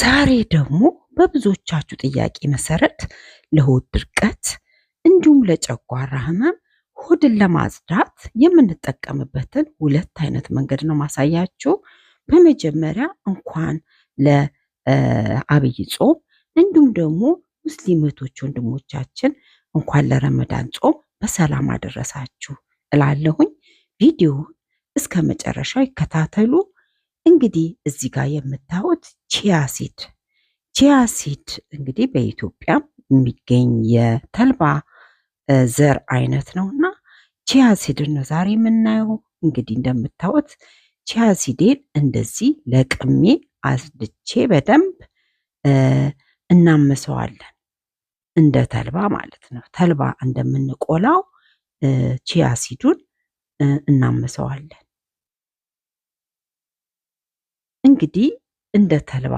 ዛሬ ደግሞ በብዙዎቻችሁ ጥያቄ መሰረት ለሆድ ድርቀት እንዲሁም ለጨጓራ ህመም ሆድን ለማጽዳት የምንጠቀምበትን ሁለት አይነት መንገድ ነው ማሳያችሁ። በመጀመሪያ እንኳን ለአብይ ጾም እንዲሁም ደግሞ ሙስሊም እህቶች ወንድሞቻችን እንኳን ለረመዳን ጾም በሰላም አደረሳችሁ እላለሁኝ። ቪዲዮ እስከ መጨረሻው ይከታተሉ። እንግዲህ እዚህ ጋር የምታዩት ቺያ ሲድ ቺያ ሲድ እንግዲህ በኢትዮጵያ የሚገኝ የተልባ ዘር አይነት ነው እና ቺያ ሲድን ነው ዛሬ የምናየው። እንግዲህ እንደምታዩት ቺያ ሲዴን እንደዚህ ለቅሜ አስድቼ በደንብ እናመሰዋለን። እንደ ተልባ ማለት ነው። ተልባ እንደምንቆላው ቺያ ሲዱን እናመሰዋለን። እንግዲህ እንደ ተልባ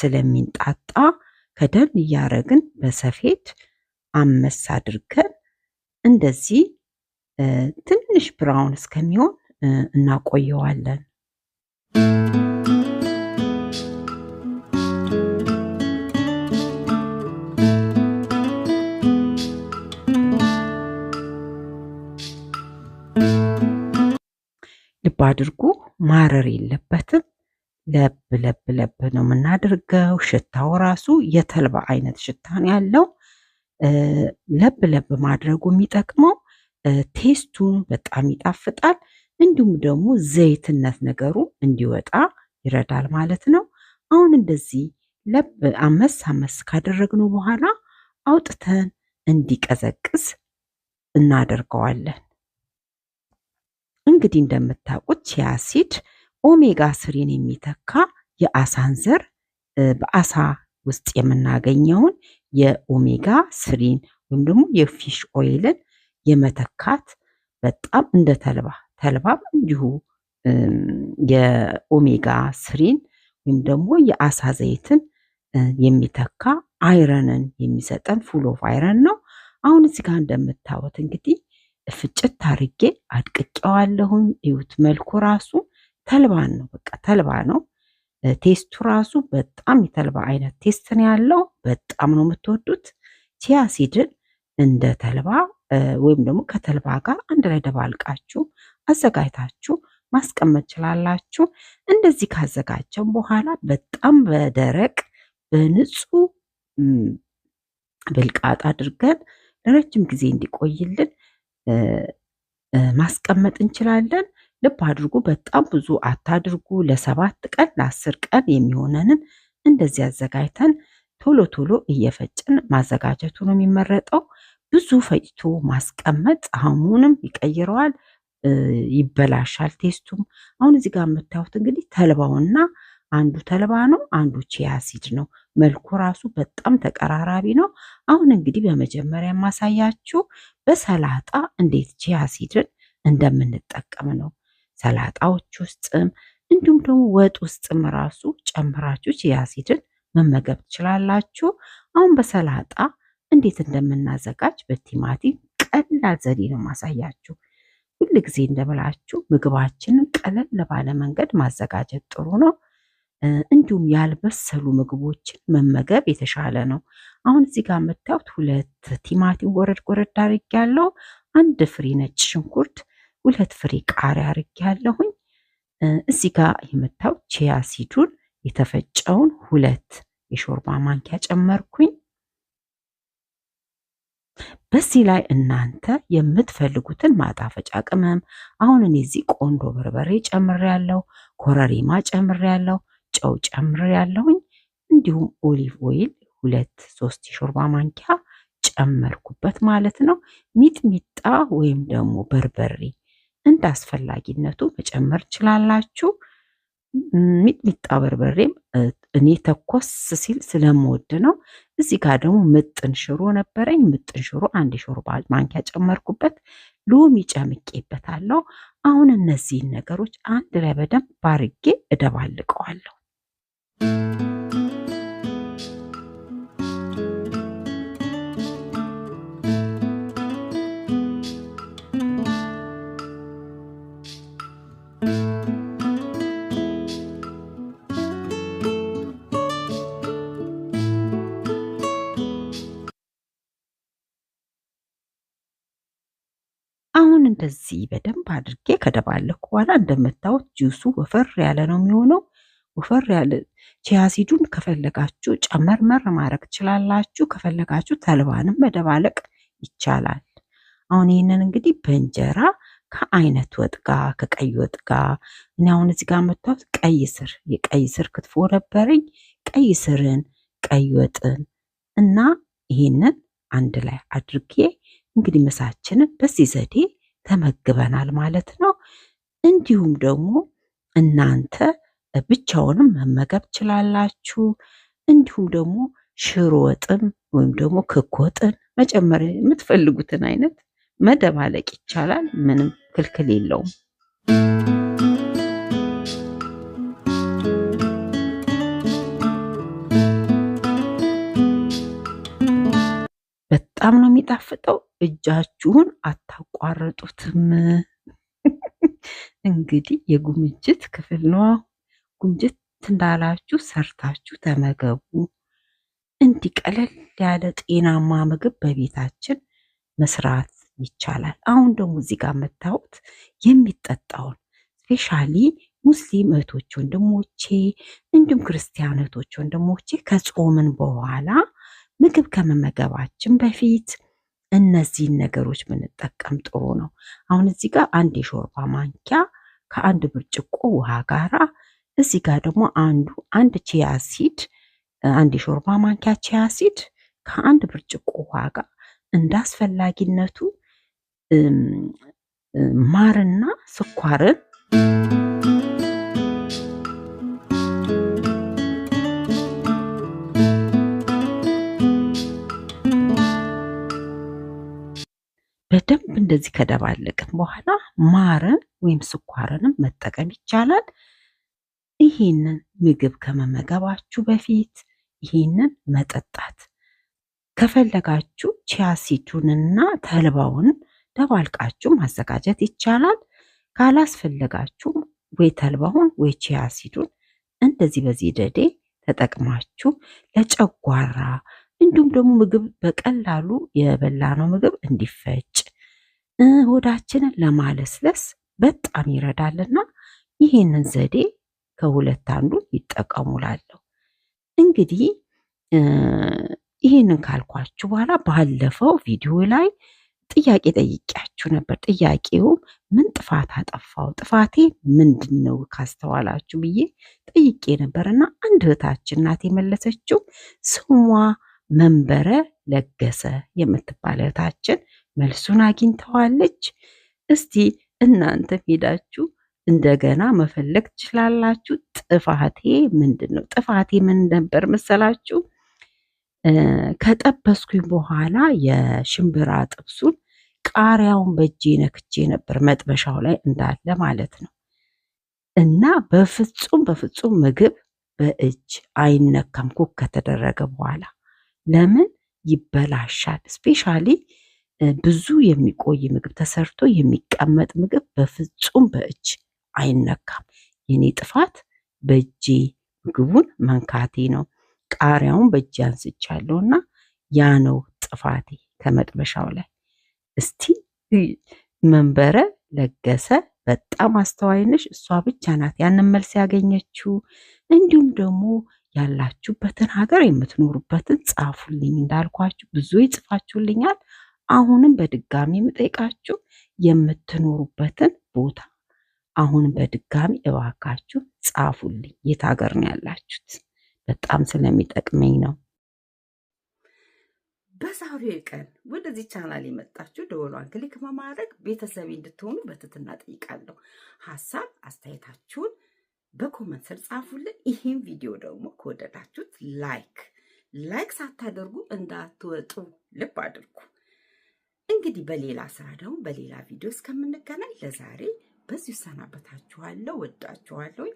ስለሚንጣጣ ከደን እያረግን በሰፌድ አመስ አድርገን እንደዚህ ትንሽ ብራውን እስከሚሆን እናቆየዋለን። ልብ አድርጉ ማረር የለም። ለብ ለብ ለብ ነው የምናደርገው። ሽታው ራሱ የተልባ አይነት ሽታ ነው ያለው። ለብ ለብ ማድረጉ የሚጠቅመው ቴስቱ በጣም ይጣፍጣል፣ እንዲሁም ደግሞ ዘይትነት ነገሩ እንዲወጣ ይረዳል ማለት ነው። አሁን እንደዚህ ለብ አመስ አመስ ካደረግነው በኋላ አውጥተን እንዲቀዘቅዝ እናደርገዋለን። እንግዲህ እንደምታውቁት የአሲድ ኦሜጋ ስሪን የሚተካ የአሳን ዘር በአሳ ውስጥ የምናገኘውን የኦሜጋ ስሪን ወይም ደግሞ የፊሽ ኦይልን የመተካት በጣም እንደ ተልባ ተልባም እንዲሁ የኦሜጋ ስሪን ወይም ደግሞ የአሳ ዘይትን የሚተካ አይረንን የሚሰጠን ፉል ኦፍ አይረን ነው። አሁን እዚህ ጋር እንደምታወት እንግዲህ ፍጭት አድርጌ አድቅቄዋለሁኝ። እዩት መልኩ ራሱ ተልባን ነው። በቃ ተልባ ነው። ቴስቱ ራሱ በጣም የተልባ አይነት ቴስት ነው ያለው። በጣም ነው የምትወዱት። ቺያ ሲድን እንደ ተልባ ወይም ደግሞ ከተልባ ጋር አንድ ላይ ደባልቃችሁ አዘጋጅታችሁ ማስቀመጥ ችላላችሁ። እንደዚህ ካዘጋጀን በኋላ በጣም በደረቅ በንጹህ ብልቃጥ አድርገን ለረጅም ጊዜ እንዲቆይልን ማስቀመጥ እንችላለን። ልብ አድርጉ። በጣም ብዙ አታድርጉ። ለሰባት ቀን ለአስር ቀን የሚሆነንን እንደዚህ አዘጋጅተን ቶሎ ቶሎ እየፈጭን ማዘጋጀቱ ነው የሚመረጠው። ብዙ ፈጭቶ ማስቀመጥ ጣዕሙንም ይቀይረዋል፣ ይበላሻል ቴስቱም። አሁን እዚህ ጋር የምታዩት እንግዲህ ተልባውና አንዱ ተልባ ነው፣ አንዱ ቺያ ሲድ ነው። መልኩ ራሱ በጣም ተቀራራቢ ነው። አሁን እንግዲህ በመጀመሪያ የማሳያችሁ በሰላጣ እንዴት ቺያ ሲድን እንደምንጠቀም ነው። ሰላጣዎች ውስጥም እንዲሁም ደግሞ ወጥ ውስጥም ራሱ ጨምራችሁ ቺያ መመገብ ትችላላችሁ። አሁን በሰላጣ እንዴት እንደምናዘጋጅ በቲማቲም ቀላል ዘዴ ነው ማሳያችሁ። ሁል ጊዜ እንደምላችሁ ምግባችንን ቀለል ባለ መንገድ ማዘጋጀት ጥሩ ነው። እንዲሁም ያልበሰሉ ምግቦችን መመገብ የተሻለ ነው። አሁን እዚህ ጋር የምታዩት ሁለት ቲማቲም ጎረድ ጎረድ አድርጌያለሁ። አንድ ፍሬ ነጭ ሽንኩርት ሁለት ፍሬ ቃሪያ አርግ ያለሁኝ። እዚህ ጋር የምታው ቺያ ሲዱን የተፈጨውን ሁለት የሾርባ ማንኪያ ጨመርኩኝ። በዚህ ላይ እናንተ የምትፈልጉትን ማጣፈጫ ቅመም አሁን እኔ እዚህ ቆንዶ በርበሬ ጨምሬያለሁ፣ ኮረሪማ ጨምሬያለሁ፣ ጨው ጨምሬያለሁኝ። እንዲሁም ኦሊቭ ኦይል ሁለት ሶስት የሾርባ ማንኪያ ጨመርኩበት ማለት ነው። ሚጥሚጣ ወይም ደግሞ በርበሬ እንደ አስፈላጊነቱ መጨመር ችላላችሁ። ሚጥሚጣ በርበሬም እኔ ተኮስ ሲል ስለምወድ ነው። እዚህ ጋር ደግሞ ምጥን ሽሮ ነበረኝ። ምጥን ሽሮ አንድ የሾርባ ማንኪያ ጨመርኩበት። ሎሚ ጨምቄበታለሁ። አሁን እነዚህን ነገሮች አንድ ላይ በደንብ ባርጌ እደባልቀዋለሁ። እንደዚህ በደንብ አድርጌ ከደባለኩ በኋላ እንደምታዩት ጁሱ ወፈር ያለ ነው የሚሆነው። ወፈር ያለ ቺያሲዱን ከፈለጋችሁ ጨመርመር ማድረግ ትችላላችሁ። ከፈለጋችሁ ተልባንም መደባለቅ ይቻላል። አሁን ይህንን እንግዲህ በእንጀራ ከአይነት ወጥ ጋር ከቀይ ወጥ ጋር እኔ አሁን እዚህ ጋር መታወት ቀይ ስር የቀይ ስር ክትፎ ነበረኝ። ቀይ ስርን፣ ቀይ ወጥን እና ይህንን አንድ ላይ አድርጌ እንግዲህ ምሳችንን በዚህ ዘዴ ተመግበናል ማለት ነው። እንዲሁም ደግሞ እናንተ ብቻውንም መመገብ ችላላችሁ። እንዲሁም ደግሞ ሽሮ ወጥም ወይም ደግሞ ክክ ወጥን መጨመር የምትፈልጉትን አይነት መደባለቅ ይቻላል። ምንም ክልክል የለውም። በጣም ነው የሚጣፍጠው። እጃችሁን አታቋርጡትም። እንግዲህ የጉምጅት ክፍል ነው። ጉምጅት እንዳላችሁ ሰርታችሁ ተመገቡ። እንዲህ ቀለል ያለ ጤናማ ምግብ በቤታችን መስራት ይቻላል። አሁን ደግሞ እዚህ ጋር የምታዩት የሚጠጣውን ስፔሻሊ ሙስሊም እህቶች ወንድሞቼ፣ እንዲሁም ክርስቲያን እህቶች ወንድሞቼ ከጾምን በኋላ ምግብ ከመመገባችን በፊት እነዚህን ነገሮች ብንጠቀም ጥሩ ነው። አሁን እዚህ ጋር አንድ የሾርባ ማንኪያ ከአንድ ብርጭቆ ውሃ ጋራ እዚህ ጋር ደግሞ አንዱ አንድ ቺያ ሲድ አንድ የሾርባ ማንኪያ ቺያ ሲድ ከአንድ ብርጭቆ ውሃ ጋር እንዳስፈላጊነቱ ማርና ስኳርን በደንብ እንደዚህ ከደባለቅን በኋላ ማርን ወይም ስኳርንም መጠቀም ይቻላል። ይህንን ምግብ ከመመገባችሁ በፊት ይህንን መጠጣት ከፈለጋችሁ ቺያሲዱንና ተልባውን ደባልቃችሁ ማዘጋጀት ይቻላል። ካላስፈለጋችሁም ወይ ተልባውን ወይ ቺያሲዱን እንደዚህ በዚህ ደዴ ተጠቅማችሁ ለጨጓራ እንዲሁም ደግሞ ምግብ በቀላሉ የበላነው ምግብ እንዲፈጭ ሆዳችንን ለማለስለስ በጣም ይረዳልና ይህንን ዘዴ ከሁለት አንዱ ይጠቀሙላለሁ። እንግዲህ ይህንን ካልኳችሁ በኋላ ባለፈው ቪዲዮ ላይ ጥያቄ ጠይቄያችሁ ነበር። ጥያቄውም ምን ጥፋት አጠፋው፣ ጥፋቴ ምንድን ነው ካስተዋላችሁ ብዬ ጠይቄ ነበር እና አንድ እህታችን ናት የመለሰችው ስሟ መንበረ ለገሰ የምትባል እህታችን መልሱን አግኝተዋለች። እስቲ እናንተ ሄዳችሁ እንደገና መፈለግ ትችላላችሁ። ጥፋቴ ምንድን ነው? ጥፋቴ ምን ነበር መሰላችሁ? ከጠበስኩኝ በኋላ የሽምብራ ጥብሱን ቃሪያውን በእጄ ነክቼ ነበር መጥበሻው ላይ እንዳለ ማለት ነው። እና በፍጹም በፍጹም ምግብ በእጅ አይነካም ኩክ ከተደረገ በኋላ ለምን ይበላሻል? ስፔሻሊ ብዙ የሚቆይ ምግብ ተሰርቶ የሚቀመጥ ምግብ በፍጹም በእጅ አይነካም። የኔ ጥፋት በእጄ ምግቡን መንካቴ ነው። ቃሪያውን በእጄ አንስቻለሁ እና ያ ነው ጥፋቴ ከመጥበሻው ላይ። እስቲ መንበረ ለገሰ በጣም አስተዋይ ነሽ። እሷ ብቻ ናት ያንን መልስ ያገኘችው። እንዲሁም ደግሞ ያላችሁበትን ሀገር የምትኖሩበትን ጻፉልኝ። እንዳልኳችሁ ብዙ ይጽፋችሁልኛል። አሁንም በድጋሚ የምጠይቃችሁ የምትኖሩበትን ቦታ አሁንም በድጋሚ እባካችሁ ጻፉልኝ። የት ሀገር ነው ያላችሁት? በጣም ስለሚጠቅመኝ ነው። በዛሬው ቀን ወደዚህ ቻናል የመጣችሁ ደወሏን ክሊክ በማድረግ ቤተሰብ እንድትሆኑ በትትና ጠይቃለሁ። ሀሳብ አስተያየታችሁን በኮመንት ስር ጻፉልን። ይህም ቪዲዮ ደግሞ ከወደዳችሁት ላይክ ላይክ ሳታደርጉ እንዳትወጡ ልብ አድርጉ። እንግዲህ በሌላ ስራ ደግሞ በሌላ ቪዲዮ እስከምንገናኝ ለዛሬ በዚሁ ሰናበታችኋለሁ። ወዳችኋለሁ።